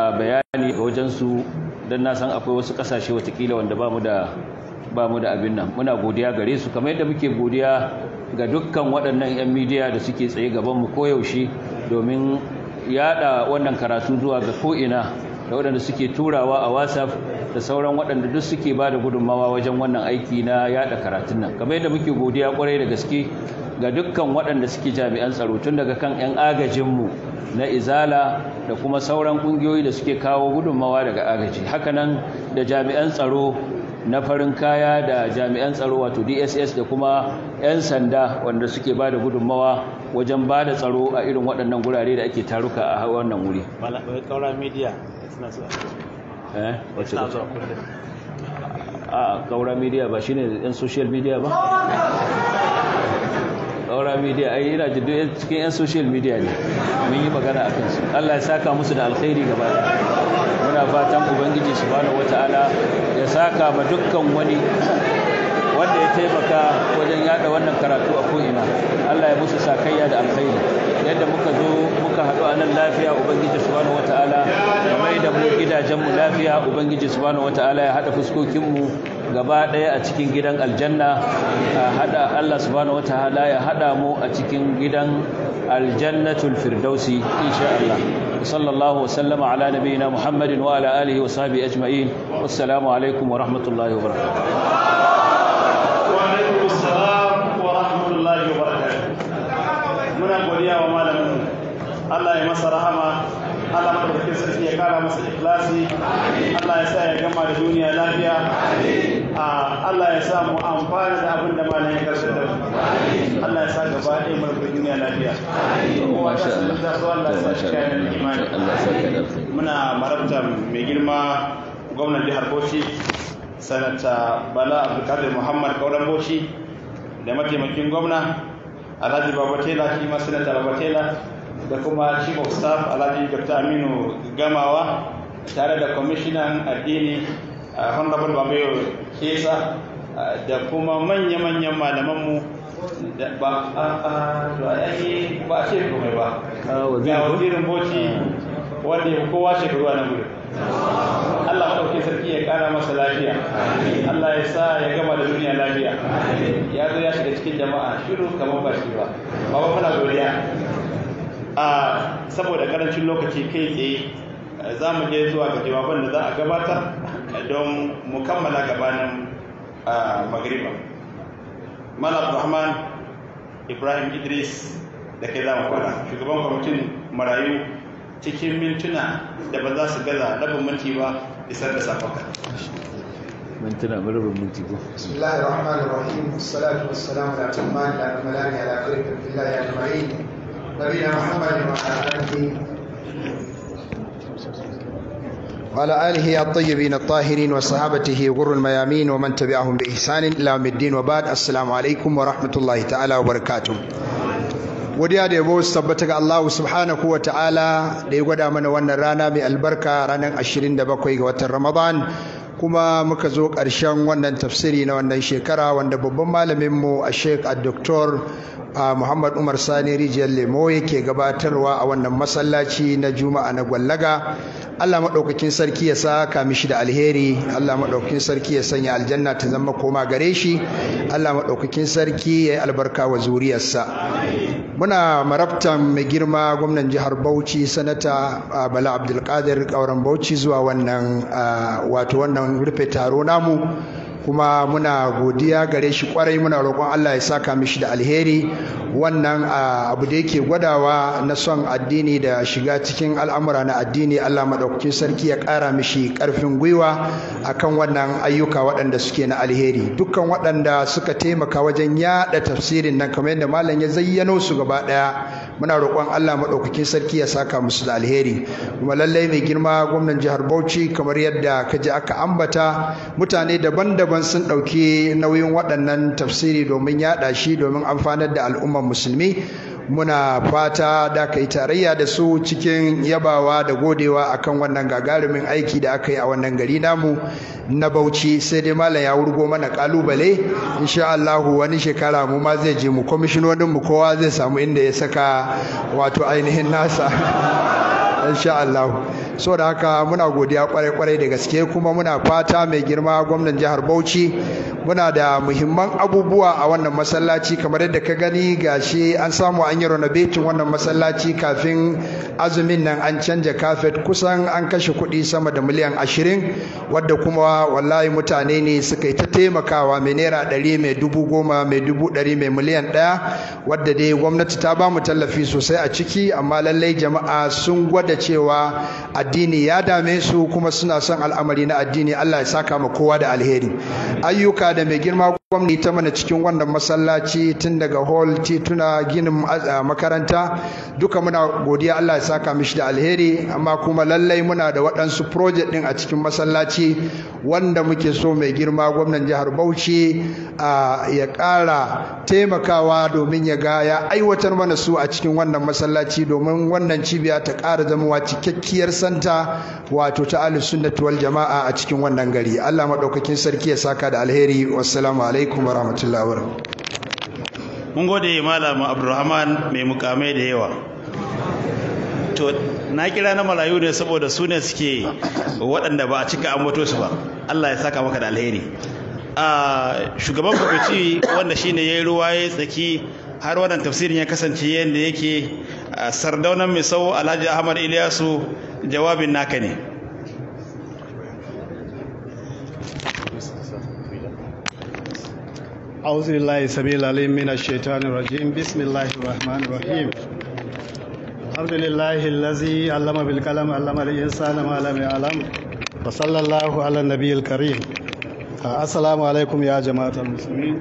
A bayani a wajensu don na san akwai wasu kasashe watakila wanda ba mu da ba mu da abin nan muna godiya gare su kamar yadda muke godiya ga dukkan waɗannan 'yan midiya da suke tsaye gaban gabanmu koyaushe domin yada wannan karatu zuwa ga ko'ina da waɗanda suke turawa a whatsapp da sauran waɗanda duk suke ba da gudunmawa wajen wannan aiki na yada karatun nan kamar yadda muke godiya kwarai da gaske ga dukkan waɗanda suke jami'an tsaro tun daga kan 'yan agajinmu na izala da kuma sauran ƙungiyoyi da suke kawo gudunmawa daga agaji hakanan da jami'an tsaro na farin kaya da jami'an tsaro wato dss da kuma 'yan sanda wanda suke ba da gudunmawa wajen ba da tsaro a irin waɗannan gurare da ake taruka a wannan wuri a ƙaura eh? media ba shine 'yan social media ba ƙaura media ai ina jidu cikin yan social media ne mun yi magana a kansu. Allah ya saka musu da alkhairi gaba muna fatan ubangiji subhanahu wataala ya saka ma dukkan wani wanda ya taimaka wajen yada wannan karatu a ko'ina Allah ya musu sakayya da alkhairi yadda muka zo muka haɗu a nan lafiya ubangiji subhanahu wataala ya mai da mu gidajenmu lafiya ubangiji subhanahu wataala ya haɗa fuskokinmu gaba ɗaya a cikin gidan aljanna a hada Allah subhanahu ta'ala ya hada mu a cikin gidan aljannatul firdausi insha Allah sallallahu wa sallama ala nabiyina muhammadin wa ala alihi wa sahbihi ajma'in wassalamu alaikum wa rahmatullahi wa barakatuh wa alaikum assalam wa rahmatullahi wa barakatuh muna godiya wa malamin Allah ya masa rahama Allah madaukakin sarki ya kara masa ikhlasi Allah ya sa ya gama da duniya lafiya ah, Allah ya sa mu amfana da abin da malam ya karshe da Allah ya sa gaba ɗaya mu duniya lafiya kowa ta san da su Allah ya sa shi kayan imani muna marabta mai girma gwamnan jihar Bauchi sanata Bala Abdulkadir Muhammad Kauran Bauchi da mataimakin gwamna Alhaji Babatela shi ma sanata Babatela da kuma chief of staff alhaji dr aminu gamawa tare da kwamishinan addini uh, honorable babayo kesa uh, da kuma manya-manyan malamanmu ba a yi ba a ce kome ba ga wajirin boci ah. wanda ya kowa ruwa na gudu Allah ɗauki sarki ya ƙara masa lafiya Allah ya sa ya gama da duniya lafiya ya zo ya shiga cikin jama'a shiru kamar ba shi ba ba ba godiya a saboda karancin lokaci kai tsaye za mu je zuwa ga jawaban da za a gabatar don mu kammala gabanin magriba malam rahman ibrahim idris da kai za mu fara shugaban kwamitin marayu cikin mintuna da ba za su gaza rabin minti ba isar da safaka mintuna ba rabin minti ba bismillahir rahmanir rahim wassalatu wassalamu ala tamman ala kamalani ala karfin billahi ajma'in نبينا محمد وعلى آله الطيبين الطاهرين وصحابته غر الميامين ومن تبعهم بإحسان إلى يوم الدين وبعد السلام عليكم ورحمة الله تعالى وبركاته ودي دي بوس تبتك الله سبحانه وتعالى دي قد أمن وانا رانا من رانا عشرين دبكوي وتر رمضان kuma muka zo ƙarshen wannan tafsiri na wannan shekara wanda babban malaminmu a shek a doktor muhammad umar sani rijiyar lemo yake gabatarwa a wannan masallaci na juma'a na gwallaga allah maɗaukakin sarki ya sa saka shi da alheri allah maɗaukakin sarki ya sanya aljanna ta zama koma gare shi allah maɗaukakin sarki ya yi albarka wa zuriyarsa muna marabtan mai girma gwamnan jihar bauchi sanata ah, bala abdulkadir kauran bauchi zuwa wannan ah, wato wannan rufe taro namu kuma muna godiya gare shi kwarai muna roƙon allah ya saka mishi da alheri wannan abu da yake gwadawa na son addini da shiga cikin al'amura na addini Allah maɗaukakin sarki ya ƙara mishi ƙarfin gwiwa akan wannan ayyuka waɗanda suke na alheri dukkan waɗanda suka taimaka wajen yaɗa tafsirin nan kamar yadda malam ya zayyano su gaba ɗaya muna roƙon Allah maɗaukakin sarki ya saka musu da alheri kuma lallai mai girma gwamnan jihar Bauchi kamar yadda ka ji aka ambata mutane daban-daban sun ɗauki nauyin waɗannan tafsiri domin yaɗa shi domin amfanar da al'umma al'umman musulmi muna fata da ka yi tarayya da su cikin yabawa da godewa akan wannan gagarumin aiki da aka yi a wannan gari namu na bauchi sai dai malam ya wurgo mana kalubale insha Allahu wani shekara mu ma zai je mu kwamishinonin mu kowa zai samu inda ya saka wato ainihin nasa insha Allah So da haka muna godiya kwarai kwarai da gaske kuma muna fata mai girma gwamnan jihar Bauchi muna da muhimman abubuwa a wannan masallaci kamar yadda ka gani gashi an samu an yi renovating wannan masallaci kafin azumin nan an canja kafet kusan an kashe kuɗi sama da miliyan ashirin wadda kuma wallahi mutane ne suka ta taimakawa mai naira ɗari mai dubu goma mai dubu ɗari mai miliyan ɗaya wadda dai gwamnati ta ba mu tallafi sosai a ciki amma lallai jama'a sun gwada cewa addini ya dame su kuma suna son al'amari na addini Allah ya saka ma kowa da alheri ayyuka da mai girma gwamni ta mana cikin wannan masallaci tun daga hall tituna ginin makaranta duka muna godiya Allah ya saka mishi da alheri amma kuma lallai muna da waɗansu project ɗin a cikin masallaci wanda muke so mai girma gwamnan jihar Bauchi ya ƙara taimakawa domin ya ga ya aiwatar mana su a cikin wannan masallaci domin wannan cibiya ta ƙara zamowa cikakkiyar santa wato ta ahlus wal jama'a a cikin wannan gari Allah madaukakin sarki ya saka da alheri wassalamu alaikum alaikum wa rahmatullahi wa mun gode malamin abdulrahman mai mukamai da yawa to na kira na malayu ne saboda su ne suke waɗanda ba a cika an su ba allah ya saka maka da alheri a shugaban kwamiti wanda shine ya yi ruwa ya tsaki har wannan tafsirin ya kasance yadda yake sardaunan sau alhaji ahmad ilyasu jawabin naka ne أعوذ بالله سبيل العليم من الشيطان الرجيم بسم الله الرحمن الرحيم الحمد لله الذي علم بالقلم علم الإنسان ما لم يعلم وصلى الله على النبي الكريم السلام عليكم يا جماعة المسلمين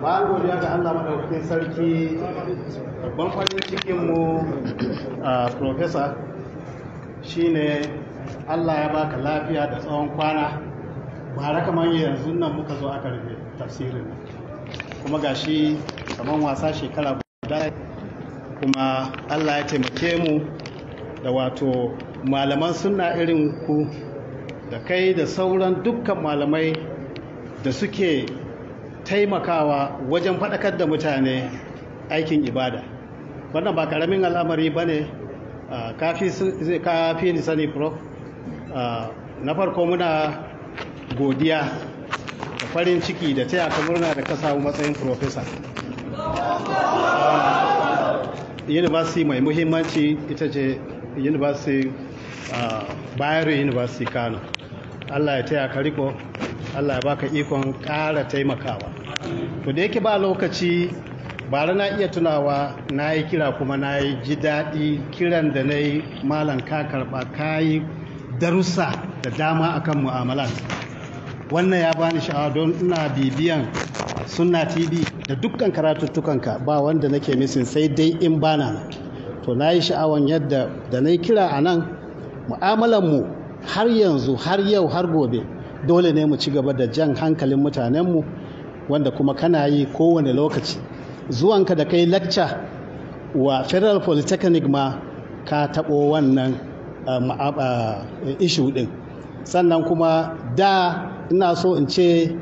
bayan godiya ga Allah madaukakin sarki babban farin cikinmu a professor shine Allah ya baka lafiya da tsawon kwana ba kamar yanzu nan muka zo aka rufe tafsirin kuma shi kamar wasa shekara guda kuma allah ya taimake mu da wato malaman suna irin ku da kai da sauran dukkan malamai da suke taimakawa wajen faɗakar da mutane aikin ibada wannan ba ƙaramin al'amari ba ne fi ni sani prof na farko muna godiya farin ciki da taya ka murna da ka samu matsayin profesa ah, university mai muhimmanci ita ce university ah, bayero university kano allah ya taya ka riko allah ya baka ikon kara taimakawa to da yake ba lokaci bara na iya tunawa na yi kira kuma na yi ji daɗi kiran da na yi malam ka karɓa ka yi darussa da dama akan mu'amalan wannan ya bani sha'awa don ina bibiyan sunna tv da dukkan karatuttukanka ba wanda nake misin sai dai in bana to na yi sha'awan yadda da na kira a nan mu'amalanmu har yanzu har yau har gobe dole ne mu ci gaba da jan hankalin mutanenmu wanda kuma kana yi kowane lokaci zuwanka da kai lacca wa federal polytechnic ma ka taɓo wannan eh, eh, ishu ɗin sannan kuma da ina so in ce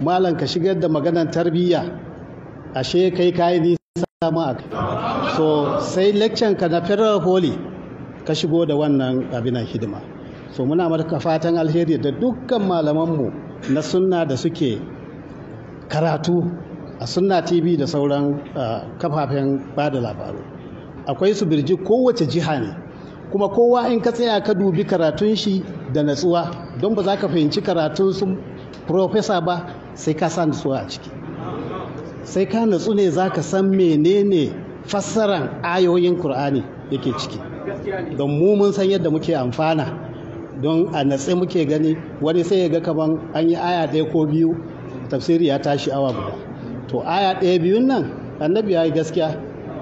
malam ka shigar da maganar tarbiyya ashe kai kayi nisa ma a so sai leccan ka na federal holy ka shigo da wannan abinan hidima so muna maka fatan alheri da dukkan malamanmu na sunna da suke karatu a sunna tv da sauran ah, kafafen bada labaru akwai su birji kowace jiha ne kuma kowa in ka tsaya ka dubi karatun shi da natsuwa don ba za ka fahimci karatun su profesa ba sai ka sa natsuwa a ciki sai ka natsu ne za ka san menene fassaran ayoyin Kur'ani yake ciki don mu mun san yadda muke amfana don a natse muke gani wani sai ya ga kaman an yi aya ɗaya ko biyu tafsiri ya tashi awa guda to aya ɗaya biyun nan annabi ya yi gaskiya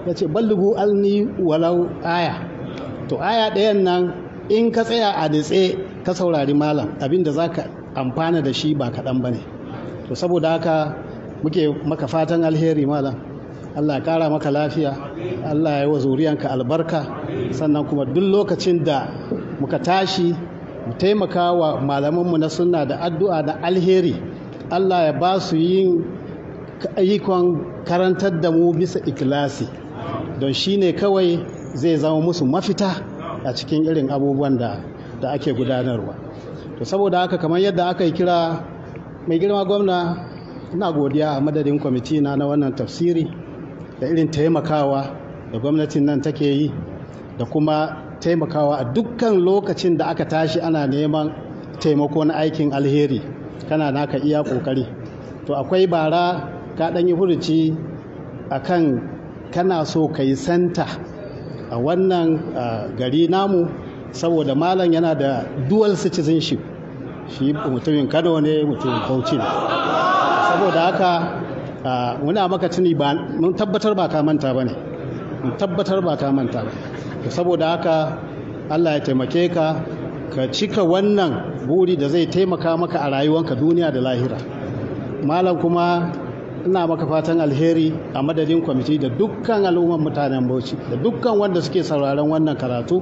ya ce ballubu alni walau aya to aya ɗayan nan in ka tsaya a nitse ka saurari malam abin da za ka amfana da shi ba kaɗan ba ne to saboda haka muke maka fatan alheri malam allah ya kara maka lafiya allah ya yi wa zuriyanka albarka sannan kuma duk lokacin da muka tashi mu taimaka wa malamanmu na sunna da addu'a da alheri allah ya ba su yin ayyukan karantar da mu bisa ikilasi don shi ne kawai zai zama musu mafita a cikin irin abubuwan da da ake gudanarwa to saboda haka kamar yadda aka yi kira mai girma gwamna ina godiya a madadin kwamiti na na wannan tafsiri da irin taimakawa da gwamnatin nan take yi da kuma taimakawa a dukkan lokacin da aka tashi ana neman taimako na aikin alheri kana naka iya kokari to akwai bara ka ɗan yi furuci a kan kana so ka yi santa a wannan gari namu saboda malam yana da dual citizenship shi mutumin kano ne mutumin bauchi ne saboda haka muna maka tuni ba mun tabbatar ba ka manta ba ne mun tabbatar ba ka manta ba saboda haka allah ya taimake ka ka cika wannan buri da zai taimaka maka a rayuwanka duniya da lahira malam kuma ina maka fatan alheri a madadin kwamiti da dukkan al'umman mutanen bauchi da dukkan wanda suke sauraron wannan karatu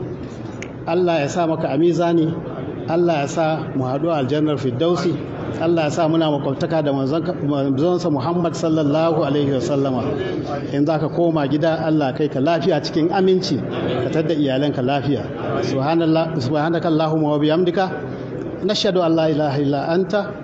allah ya sa maka amizani mizani allah ya sa mu haɗu a aljannar firdausi allah ya sa muna makwabtaka da manzonsa muhammad sallallahu alaihi wasallama in za ka koma gida allah kai ka lafiya cikin aminci ka tadda iyalanka lafiya subhanakallahumma wa bihamdika nashhadu an la ilaha illa anta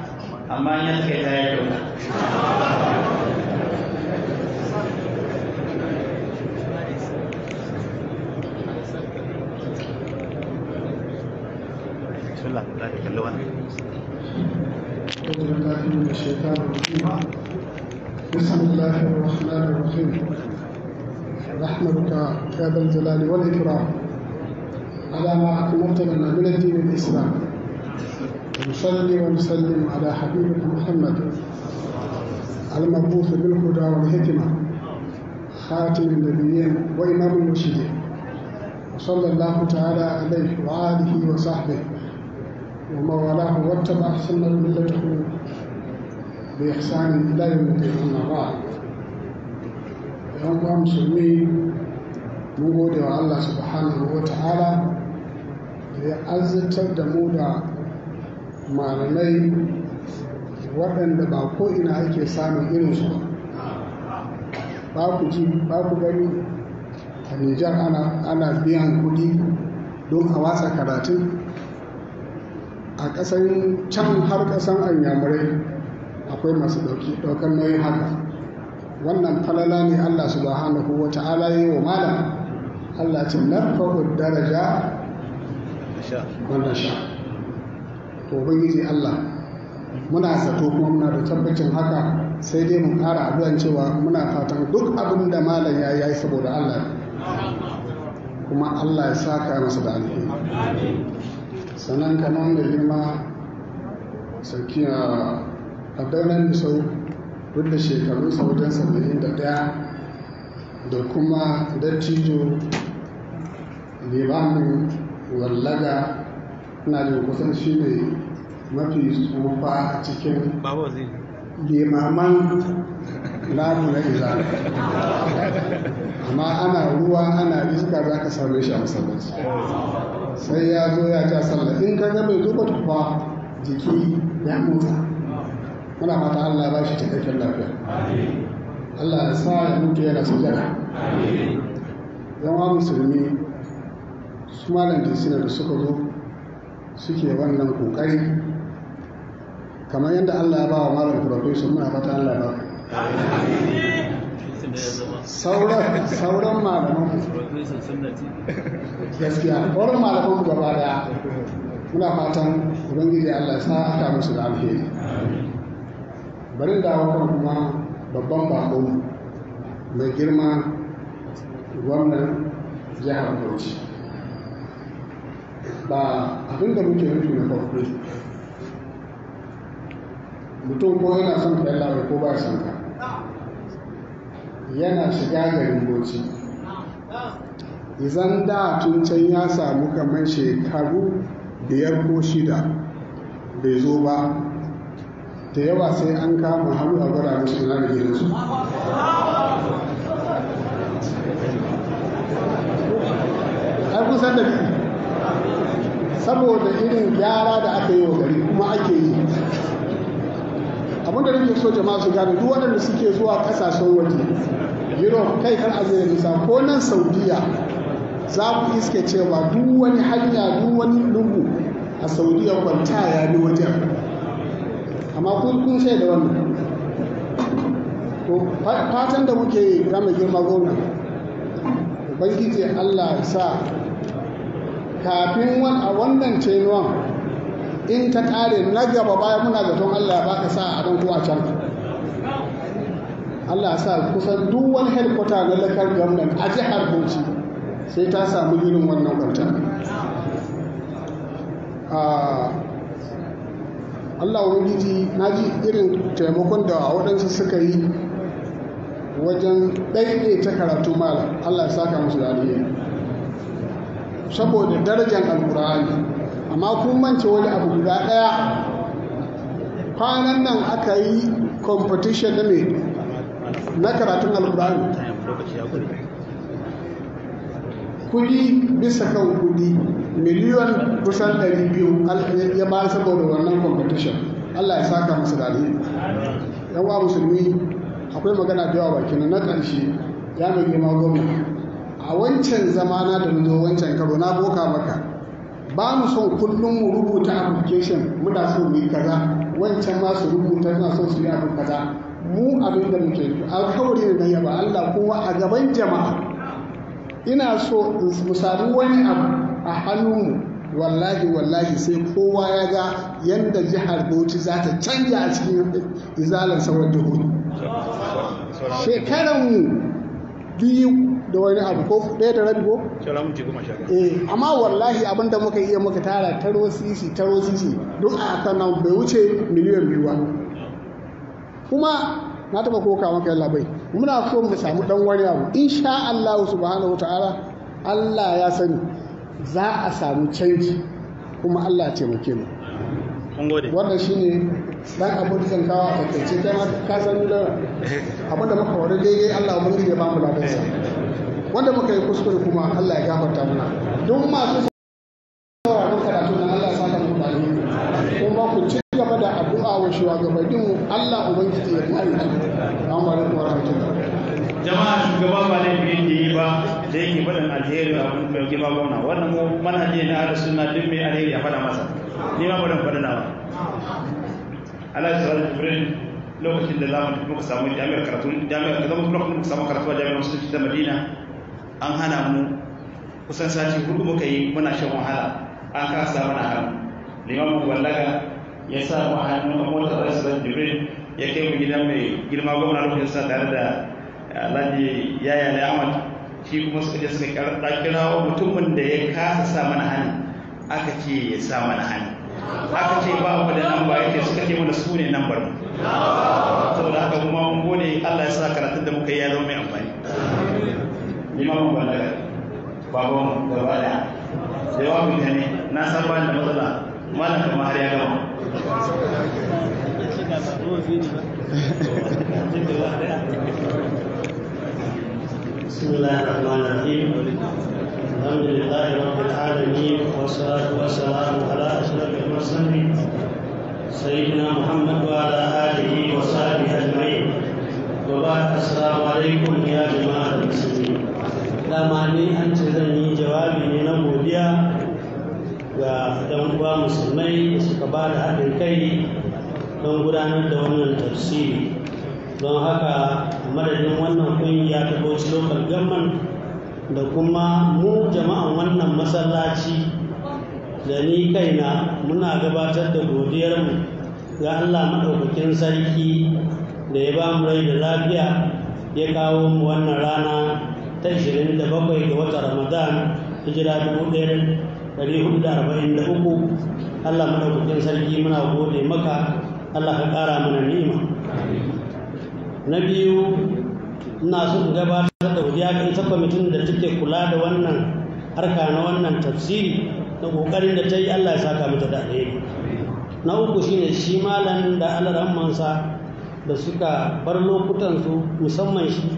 amma in ya suka yi ta ya kyauta بسم الله الرحمن الرحيم نحمدك يا ذا الجلال والإكرام على ما أكملت من أمنتي بالإسلام ونصلي ونسلم على حبيبنا محمد المبعوث بالهدى والحكمة خاتم النبيين وإمام المرشدين وصلى الله تعالى عليه وآله وصحبه وموالاه واتبع سنة ملته بإحسان إلى يوم الدين أما بعد ‘yan uwa musulmi mun gode wa Allah subhanahu wa ta'ala malamai waɗanda ba ko'ina ake samun irin su, ba ku ji ba ku gani a nijar ana biyan kuɗi don a watsa karatun a ƙasan can har ƙasan anyamurai akwai masu ɗaukar nauyin haka wannan falala ne allah subhanahu wa ta'ala yi wa malam allah ce narfa'ud daraja wannan sha to ubangiji Allah muna zato kuma muna da tabbacin haka sai dai mun ƙara addu'an cewa muna fatan duk abin da malam ya yi saboda Allah kuma Allah ya saka masa da alheri sannan kamar da girma sarki a abdanan sau duk da shekarunsa wajen saba'in da ɗaya da kuma dattijo limamin wallaga ina da kusan shi ne mafi tsufa a cikin limaman lamu na iza amma ana ruwa ana iska za ka same shi a masallaci sai ya zo ya ta sallah in ka ga bai zo ba tufa jiki ya motsa muna mata Allah ba shi cikakken lafiya Allah ya sa ya mutu yana sujada wa musulmi su malam suna da suka zo suke wannan kokari kamar yadda Allah ya ba wa malam profesor muna fata Allah ba sauran gaskiya sauran malaman gaba daya muna fatan ubangiji Allah ya sa aka musu da alheri bari da kan kuma babban bako mai girma gwamnan jihar Bauchi ba abin da muke nufi na farko mutum ko yana son ka yalla ko ba son ka yana shiga garin boci izan da tun can ya samu kamar shekaru biyar ko shida bai zo ba da yawa sai an kama hannu a gwada musu ina da gidansu ai kusa da saboda irin gyara da aka yi wa gari kuma ake yi abinda nake so jama'a su gane duk waɗanda suke zuwa ƙasashen waje europe kai kan azai nisa ko nan saudiya za ku iske cewa duk wani hanya duk wani lungu a saudiya kwanta ya bi wajen amma kun kun da wannan fatan da muke yi za mu girma gwamna ubangiji allah ya sa kafin a wannan cenuwan in ta kare na gaba baya muna zaton Allah ya baka sa a ko a can Allah sa kusan duk wani helkwata na lakar gwamnan a jihar Bauchi sai ta samu irin wannan kwanta ah, Allah ubangiji na ji irin taimakon da waɗansu suka yi wajen ɗaiɗe ta karatu mala Allah ya saka musu da saboda darajar alkur'ani amma kun mance wani abu guda ɗaya kwanan nan aka yi competition na mai na karatun alkur'ani kudi bisa kan kudi miliyon kusan 200 ya ba saboda wannan competition Allah ya saka masu da alheri musulmi akwai magana da yawa bakin na karshe ya mai girma gwamnati a wancan zama na da zo wancan karo na boka maka ba mu son kullum mu rubuta application muna so mu yi kaza wancan ma su rubuta suna son su yi abu kaza mu abin da muke yi alkawari ya yaba Allah kowa a gaban jama'a ina so mu sami wani abu a hannunmu wallahi wallahi sai kowa ya ga yadda jihar bauchi za ta canja a cikin izalar sauran jihohi shekaranmu biyu da wani abu ko ɗaya da rabi ko? Shara mun goma sha Eh amma wallahi abin da muka iya muka tara taro sisi taro sisi duk a kan nan bai wuce miliyan biyu ba. Kuma na taɓa koka maka yalla bai muna so mu samu ɗan wani abu insha Allah subhanahu wataala Allah ya sani za a samu canji kuma Allah ya taimake mu. Wannan shine dan abin da zan kawo a kai ce kai ma ka san abin da muka wani daidai Allah ubangiji ya ba mu sa. wanda muka yi kuskure kuma Allah ya gafarta mana don masu sauraron karatu na Allah saka mu da kuma ku ci gaba da addu'a wa shugabannin Allah ubangiji ya kare ku assalamu alaikum wa rahmatullahi jama'a shugaban ba ne bin da yi ba da yake faɗin alheri a kun bai ba gwamna wannan mu manhaji na ahlus suna duk mai alheri a faɗa masa ni ma bari faɗa nawa Allah ya tsare Jibril lokacin da zamu muka samu jami'ar karatu jami'ar da zamu lokacin muka samu karatu a jami'ar musulunci ta Madina an hana mu kusan sati hudu muka yi muna shan wahala an kasa mana hannu limamu wallaga ya sa mu hannu a motar rasulan jibril ya kai mu gidan mai girma gwamna rufin sa tare da eh, alhaji yaya da ahmad shi kuma suka je suka kirawo mutumin da ya kasa sa mana hannu aka ce ya sa mana hannu aka ce ba mu da nan ba yake suka ce mana su ne nan bar saboda haka kuma mun gode Allah ya sa karatun da muka yi ya zama mai amfani limamin balaga baban gaba da da na san ba mana kama har ya gama بسم الله الرحمن الرحيم الحمد لله رب العالمين والصلاة والسلام على أشرف المرسلين سيدنا محمد وعلى آله وصحبه أجمعين وبعد السلام عليكم يا جماعة المسلمين dama ne an ce zan yi jawabi ne na godiya ga dan uwa musulmai da suka ba da haɗin kai don gudanar da wannan tafsiri don haka madadin wannan ƙungiya ta bauchi local government da kuma mu jama'an wannan masallaci da ni kaina muna gabatar da godiyarmu ga allah maɗaukakin sarki da ya ba mu rai da lafiya ya kawo mu wannan rana ta 27 ga wata ramadan hijira 1443 Allah madaukakin sarki muna gode maka Allah ka ƙara mana ni'ima na biyu ina so in gabatar da wuya kan ta kwamitin da take kula da wannan harka na wannan tafsiri da ƙoƙarin da ta yi Allah ya saka mata da alheri na uku shine shi malan da alaramansa da suka bar lokutansu musamman shi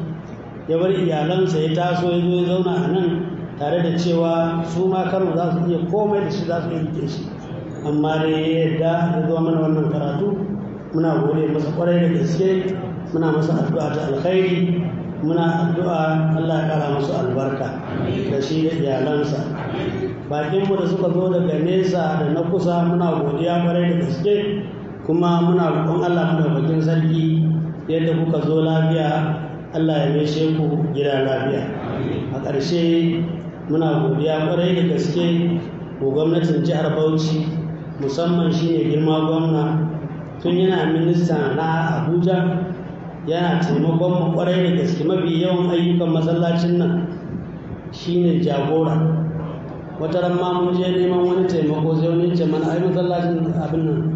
ya bar iyalansa ya taso ya zo ya zauna a nan tare da cewa su ma kano za su iya komai da shi za su iya shi amma da ya yarda ya zo mana wannan karatu muna gode masa kwarai da gaske muna masa addu'a ta alkhairi muna addu'a Allah ya kara masu albarka da shi da iyalansa bakinmu da suka zo daga nesa da na kusa muna godiya kwarai da gaske kuma muna roƙon Allah muna bakin sarki yadda kuka zo lafiya Allah ya mai ku gida lafiya a ƙarshe muna godiya kwarai da gaske ko gwamnatin jihar Bauchi musamman shine girma gwamna tun yana minista na Abuja yana taimakon mu kwarai da gaske mafi yawan ayyukan masallacin nan shine jagora wata ran ma mun je neman wani taimako sai wani ce mana ai masallacin abin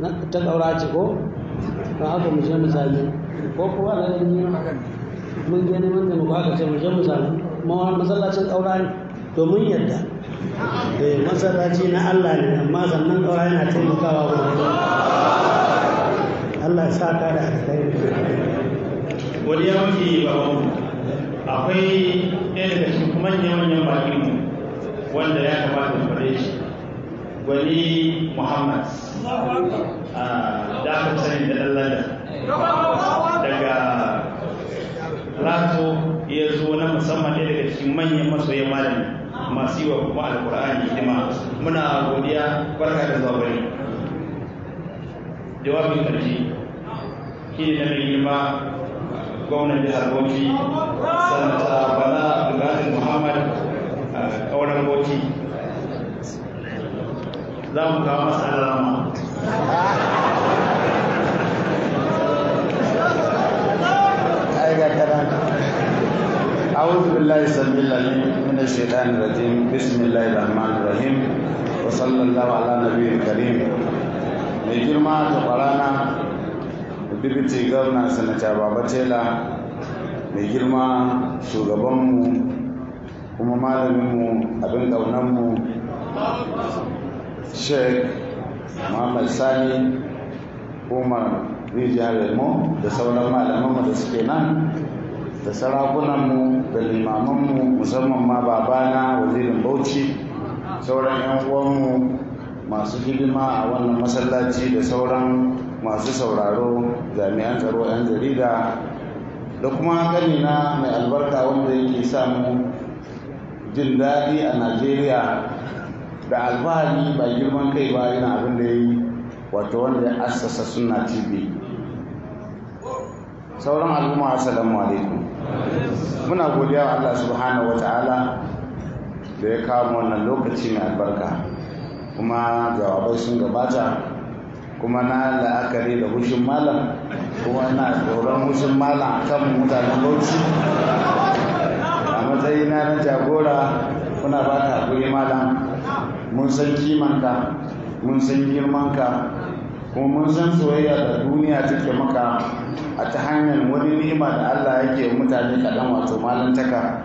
nan ta ƙaura ce ko ba haka mu je mu sami ko kuwa da ne mun gani mun da ba ka ce mu je mu samu masallacin ƙaura ne to mun yadda. eh masallaci na Allah ne amma sannan ƙaura yana taimakawa ba Allah ya sa ka da alkhairi wani yawanci mu? akwai ɗaya daga cikin manya-manyan mu. wanda ya kamata mu fare shi Wani muhammad a ah, dafa sani da ɗan daga rato ya zo na musamman ɗaya daga cikin manyan masoyan malami masu yi wa kuma alkur'ani hidima muna godiya barka da zuwa bari jawabin ƙarshe shi ne na mai girma gwamnan jihar bauchi sanata bala abdullahi muhammad kauran bauchi za mu kawo masa alama أعوذ بالله السميع العليم من الشيطان الرجيم بسم الله الرحمن الرحيم وصلى الله على نبي الكريم mai girma ta kwarana deputy governor sanata baba tela mai girma shugabanmu kuma malaminmu abin mu sheikh muhammad sani umar rijiyar da sauran malamanmu da suke nan da sarakunanmu da limamanmu musamman ma babana wazirin bauchi sauran 'yan uwanmu masu hidima a wannan masallaci da sauran masu sauraro jami'an tsaro 'yan jarida da kuma na mai albarka wanda yake samu jin daɗi a najeriya da alfahari ba girman kai ba yana abin da ya yi wato wanda ya assasa suna tv sauran al'umma assalamu alaikum muna godiya wa Allah subhanahu wata'ala da ya kawo wannan lokaci mai albarka kuma jawabai sun gabata kuma na la'akari da hushin malam kuma na tsoron hushin malam kan mutanen bauchi a matsayina na jagora kuna ba ka guri malam mun san kimanka mun san girmanka kuma mun san soyayya da duniya take maka a ta hanyar wani ni'ima da Allah yake mutane kaɗan wato malantaka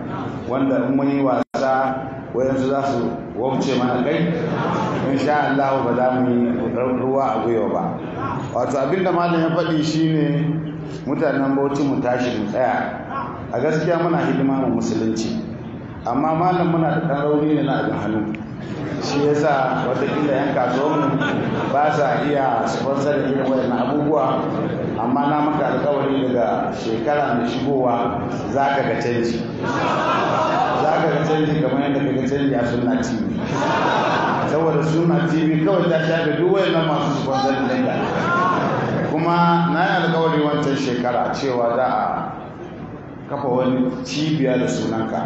wanda in mun yi wasa wayansu za su wabce mana kai in sha Allah ba za mu yi ruwa a gwiwa ba wato abin da malam ya faɗi shine mutanen bauchi mu tashi mu tsaya a gaskiya muna hidima mu musulunci amma malam muna da ɗan rauni ne na abin hannu shi yasa watakila yan kasuwanmu ba sa iya sponsor irin wayan abubuwa amma na maka alkawari daga shekara mai shigowa za ka ga canji za ka ga canji kamar yadda ka ga canji a suna tv saboda suna tv kawai ta shafe duk wayannan masu sponsor ɗinka kuma na yi alkawari wancan shekara cewa za a kafa wani cibiya da sunanka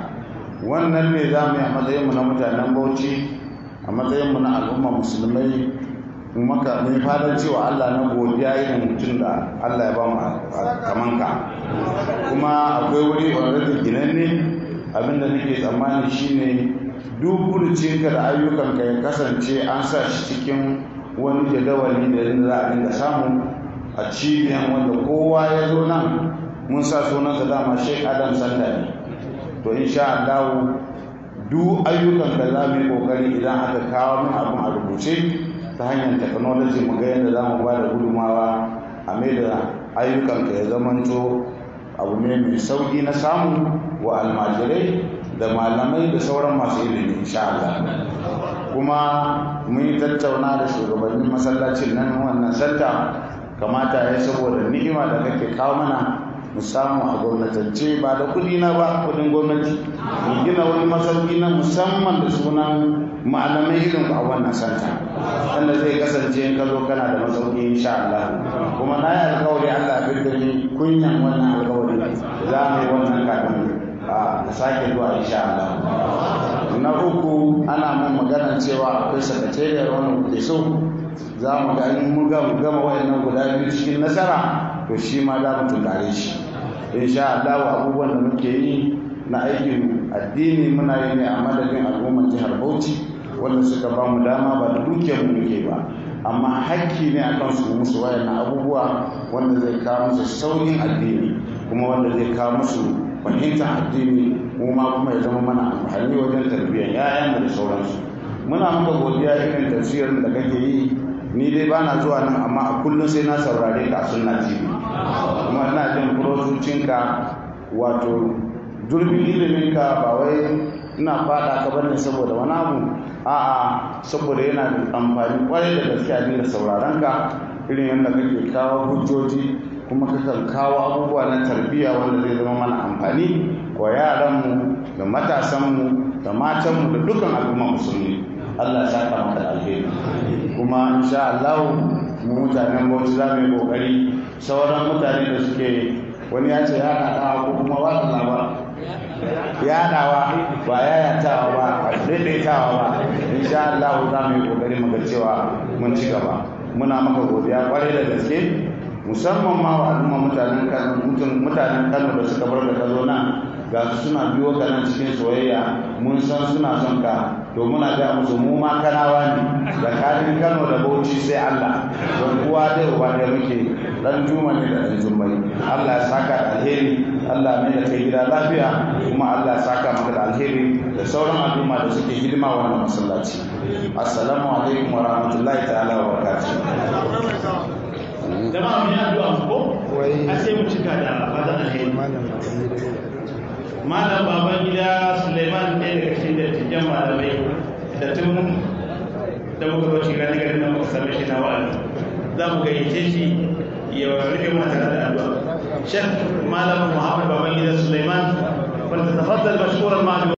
wannan ne za mu yi a mu na mutanen bauchi a matsayinmu na al'umma musulmai maka mun fadar cewa Allah na godiya irin mutum da Allah ya ba mu kaman ka kuma akwai wuri ne, abin da nake tsammani shine duk burcinka da ka ya kasance an sa shi cikin wani jadawali da yadda za a dinga samu a cibiyan wanda kowa ya zo nan mun sa sunansa dama sheik adam sanda ne to insha Allah duk ayyukan da za mu yi kokari idan aka kawo min abin a rubuce ta hanyar technology mu ga yadda za mu ba da gudunmawa a mai da ayyukanka ya zamanto abu ne mai sauki na samu wa almajirai da malamai da sauran masu ilimi insha Allah kuma mun tattauna da shugabannin masallacin nan wannan santa kamata ya saboda ni'ima da kake kawo mana mu samu a gwamnatance ba da kudi na ba kudin gwamnati mu gina wani masauki na musamman da sunan malamai irin a wannan santa wanda zai kasance in ka zo kana da masauki insha Allah kuma na yi alkawari Allah bin da ni kunyan wannan alkawari za mu yi wannan kafin a sake zuwa insha Allah na uku ana mun magana cewa akwai sakatariyar wannan kuke so za mu ga in mun gama wayannan guda biyu cikin nasara to shi ma za mu tunkare shi insha Allah abubuwan da muke yi na aikin addini muna yi ne a madadin al'ummar jihar Bauchi wanda suka ba mu dama ba da dukiyar mu ke ba amma hakki ne akan su musu wayannan abubuwa wanda zai kawo musu saurin addini kuma wanda zai kawo musu fahimtar addini kuma kuma ya zama mana amfani wajen tarbiyyar yayan da sauransu muna muka godiya irin tafsirin da kake yi ni dai ba na zuwa nan amma a kullum sai na saurare ka sunna tv kuma ina jin furozucinka wato durbin ka ba wai ina fada ka bane saboda wani abu a'a saboda yana da amfani kwarai da gaske a dinga sauraron ka irin yadda kake kawo hujjoji kuma kakan kawo abubuwa na tarbiyya wanda zai zama mana amfani wa yaranmu da matasanmu da matanmu da dukkan al'umma musulmi Allah ya saka maka alheri kuma insha Allah mu mutanen Bauchi za mu yi kokari sauran mutane da suke wani ya ce ya kaɗa ko kuma ba ta labar yadawa ba ya yayatawa ba daidaitawa ba insha Allah za mu yi kokari mu cewa mun ci gaba muna maka godiya kwarai da gaske musamman ma wa al'umma mutanen Kano mutanen Kano da suka bar da kazo nan ga suna biyo ka cikin soyayya mun san suna son ka to muna ga musu mu ma kanawa ne tsakanin Kano da Bauchi sai Allah don kuwa da uba da muke dan juma ne da dan jummai Allah ya saka alheri Allah mai da kai gida lafiya kuma Allah ya saka maka da alheri da sauran al'umma da suke hidima wannan masallaci assalamu alaikum wa rahmatullahi ta'ala wa barakatuh jama'a mun yi addu'a ko a sai mu cika da fatan alheri malam baban gida suleiman ne daga cikin dattijan malamai da tun da muka zo shiga na garin nan muka same shi na wa'azi za mu gayyace shi ya rufe mata da addu'a shek malam muhammad baban gida suleiman فلتتفضل مشكورا معلوم